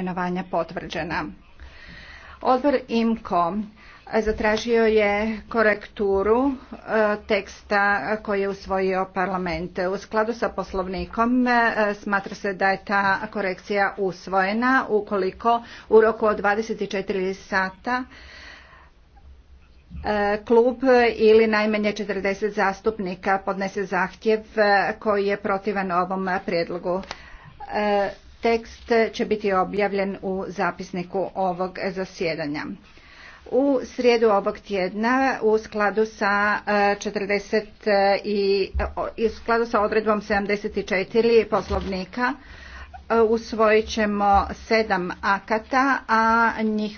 imenovanja potvrđena. Odbor IMCO e, zatražio je korekturu e, teksta koji je usvojio parlament. U skladu sa poslovnikom e, smatra se da je ta korekcija usvojena ukoliko u roku od 24 sata klub ili najmanje 40 zastupnika podnese zahtjev koji je protivan ovom prijedlogu. Tekst će biti objavljen u zapisniku ovog zasjedanja. U srijedu ovog tjedna u skladu sa 40 e, i, u skladu sa odredbom 74 poslovnika e, usvojit ćemo sedam akata, a njih